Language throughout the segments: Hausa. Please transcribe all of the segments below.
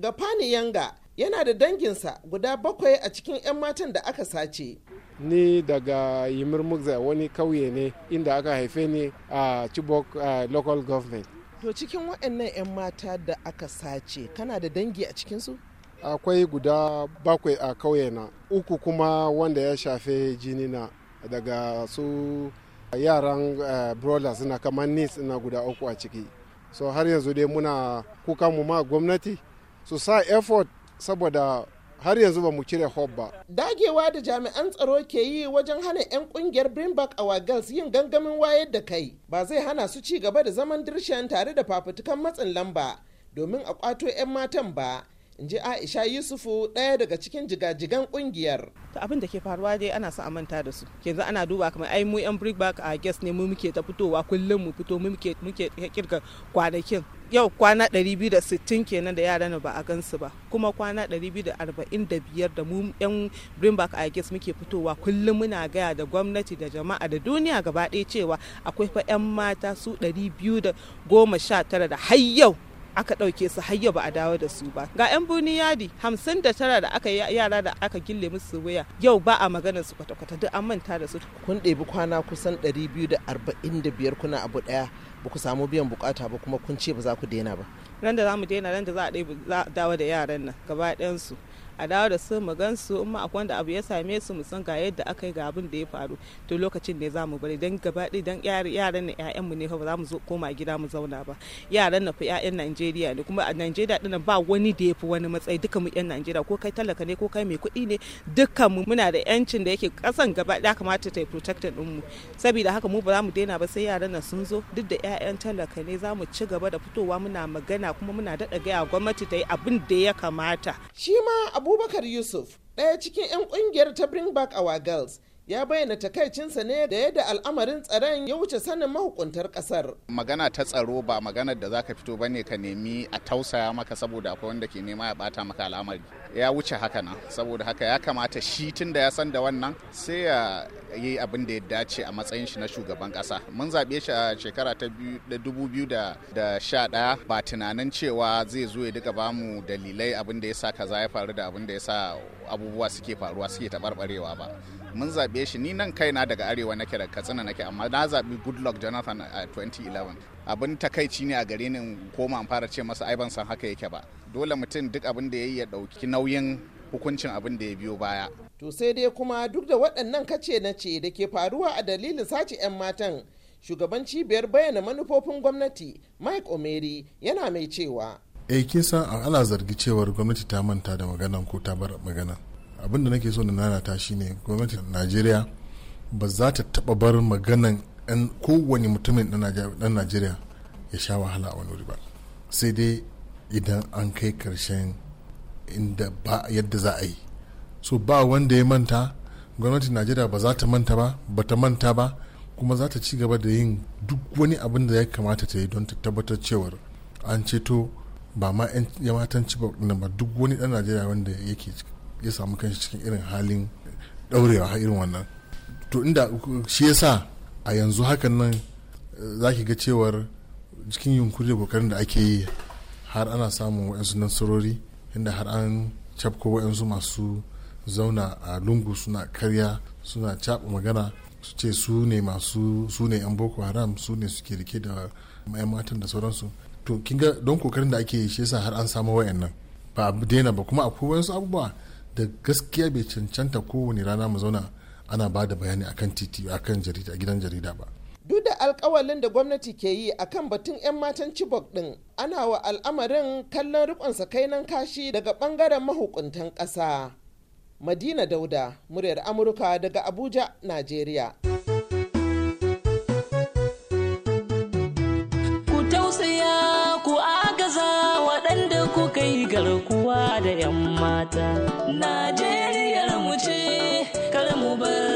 Gafani Yanga yana da danginsa guda bakwai a cikin 'yan matan da aka sace. Ni daga Yimir Mugza wani kauye ne inda aka haife ni a Chibok local government. To cikin waɗannan 'yan mata da aka sace kana da dangi a cikinsu? Akwai guda bakwai a kauye na uku kuma wanda ya shafe jini na daga su yaran uh, brothers na kamar nis na guda uku a ciki. So har yanzu dai muna kuka mu ma gwamnati su sa effort saboda har yanzu ba mu cire hope ba. Dagewa da jami'an tsaro ke yi wajen hana 'yan kungiyar Greenback a Wagals yin gangamin wayar da kai ba zai hana su ci gaba da zaman dirshan tare da fafutukan matsin lamba domin a kwato 'yan matan ba. in ji aisha yusufu ɗaya daga cikin jigajigan ƙungiyar ta abin da ke faruwa dai ana sa a manta da su yanzu ana duba kamar ai mu yan brickback a guest ne mu muke ta fitowa kullum mu fito mu muke muke kwanakin yau kwana 260 kenan da yaran ba a gansu ba kuma kwana 245 da mu yan brickback a guest muke fitowa kullum muna gaya da gwamnati da jama'a da duniya gaba ɗaya cewa akwai fa yan mata su 219 da har yau aka ɗauke su har ba a dawo da su ba ga 'yan buni yadi hamsin da tara da aka yara da aka gille musu waya yau ba a maganar su kwata-kwata duk an manta da su kun ɗebi kwana kusan 245 kuna abu ɗaya ba ku samu biyan bukata ba kuma kun ce ba za ku daina ba ran da za mu daina ran da za a dawo da yaran nan gaba ɗayan su a dawo da su mu gan su in ma akwai wanda abu ya same su mu san ga yadda aka yi ga abin da ya faru to lokacin ne za mu bari dan gaba ɗaya dan yaran na ƴaƴan mu ne fa ba za mu zo koma gida mu zauna ba yaran na fa ƴaƴan Najeriya ne kuma a Najeriya din ba wani da ya fi wani matsayi duka mu ƴan Najeriya ko kai talaka ne ko kai mai kuɗi ne dukkan mu muna da ƴancin da yake ƙasan gaba ɗaya kamata ta yi protected ɗin mu saboda haka mu ba za mu daina ba sai yaran na sun zo duk da ƴaƴan talaka ne za mu ci gaba da fitowa muna magana kuma muna daɗa gaya gwamnati ta yi abin da ya kamata shi ma abubakar yusuf ɗaya cikin 'yan ƙungiyar ta bring back our girls ya bayyana takaicinsa ne da yadda al'amarin tsaron ya wuce sanin mahukuntar ƙasar. Magana ta tsaro ba magana da zaka fito ba ne ka nemi a tausaya maka saboda akwai wanda ke nema ya bata maka al'amari. Ya wuce haka nan, saboda haka ya kamata shi tun da ya san da wannan sai ya yi abin da ya dace a matsayin shi na shugaban kasa mun zaɓe shi a shekara ta 2011 sha ba tunanin cewa zai zo ya duka bamu dalilai abin da ya sa kaza ya faru da abin da ya sa abubuwa suke faruwa suke taɓarɓarewa ba mun zaɓe shi ni nan kaina daga arewa nake da katsina nake amma na zaɓi goodluck jonathan a 2011 abin takaici ne a gare ni koma fara ce masa ai ban san haka yake ba dole mutum duk abin da ya yi ya ɗauki nauyin hukuncin abin da ya biyo baya to sai dai kuma duk da waɗannan kace na ce da ke faruwa a dalilin sace 'yan matan shugaban cibiyar bayyana manufofin gwamnati mike omeri yana mai cewa e kin san ana zargi cewar gwamnati ta manta da magana ko ta bar magana abin da nake so na nanata shine gwamnatin najeriya ba za ta taba bar maganan ɗan kowane mutumin ɗan najeriya ya sha wahala a wani wuri ba sai dai idan an kai karshen inda ba yadda za a yi so ba wanda ya manta gwamnatin najeriya ba za ta manta ba ba ta manta ba kuma za ta ci gaba da yin duk wani abin da ya kamata ta yi don ta tabbatar cewar an ceto ba ma 'yan matan ci ba duk wani dan najeriya wanda yake ya samu kanshi cikin irin halin daurewa har irin wannan to inda shi ya sa a yanzu hakan nan eh, za ki ga cewar cikin yunkuri da kokarin da ake yi har ana samun wa'yansu nasarori inda har an cafko wa'yansu masu zauna a lungu suna karya suna caɓa magana su ce su ne masu su ne 'yan boko haram su ne suke rike da 'yan matan da sauransu to kinga don kokarin da ake shi yasa har an samu wayannan ba a daina ba kuma akwai wasu abubuwa da gaskiya bai cancanta kowane rana mu zauna ana ba da bayani akan titi akan jarida gidan jarida ba duk da alkawalin da gwamnati ke yi akan batun 'yan matan chibok din ana wa al'amarin kallon rikon sakainan kashi daga bangaren mahukuntan ƙasa. Madina Dauda, muryar Amurka daga Abuja, Najeriya. Ku tausaya ku agaza waɗanda kuka yi garkuwa da 'yan mata. Najeriya mu ce, kar mu bar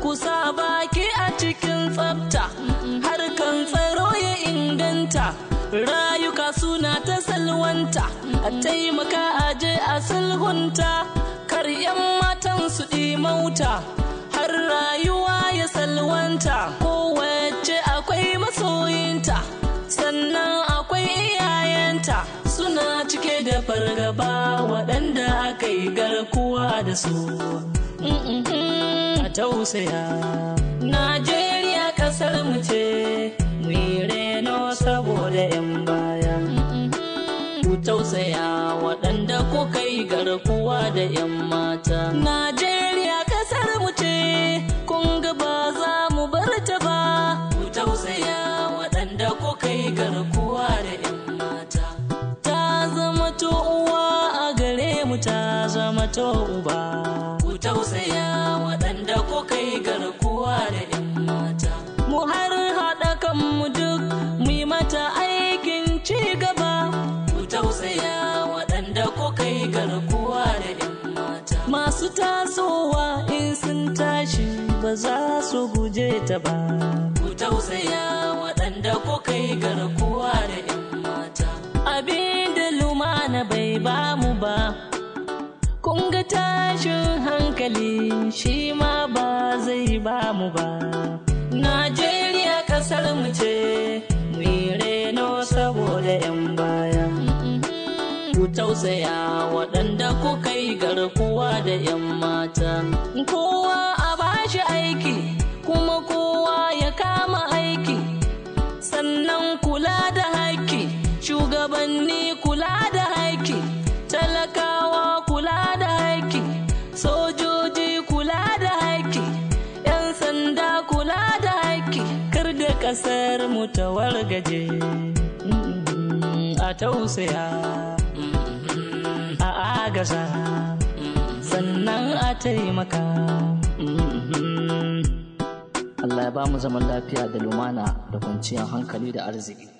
kusa baki a cikin tsafta kan tsaro ya inganta rayuka suna ta salwanta a taimaka aje a sulhunta kar 'yan matan su mauta har rayuwa ya salwanta kowace akwai masoyinta sannan akwai iyayenta suna cike da fargaba waɗanda aka yi garkuwa da su. Mm, mm, mm. tausaya Najeriya kasar mu ce mu reno saboda 'yan baya ku tausaya waɗanda kuka yi garkuwa da 'yan mata zama uba. Ku tausaya waɗanda ku kai garkuwa da 'yan mata. Mu har haɗa kanmu duk mu yi mata aikin ci gaba. Ku tausaya waɗanda ku kai garkuwa da 'yan mata. Masu tasowa in sun tashi ba za su guje ta ba. Ku tausaya waɗanda ku kai garkuwa da 'yan mata. Abin da lumana bai bamu ba. Kunga tashin hankali shi ma ba zai ba mu ba najeriya kasar mu ce mu reno saboda 'yan baya ku tausaya waɗanda kuka yi garkuwa da 'yan mata kowa a bashi aiki kuma kowa ya kama aiki sannan kula da haƙƙi shugabanni kasar mu ta mm-hmm. a tausaya mm-hmm. a agaza mm-hmm. sannan a taimaka Allah ya ba mu zaman lafiya da lumana da kwanciyar hankali da arziki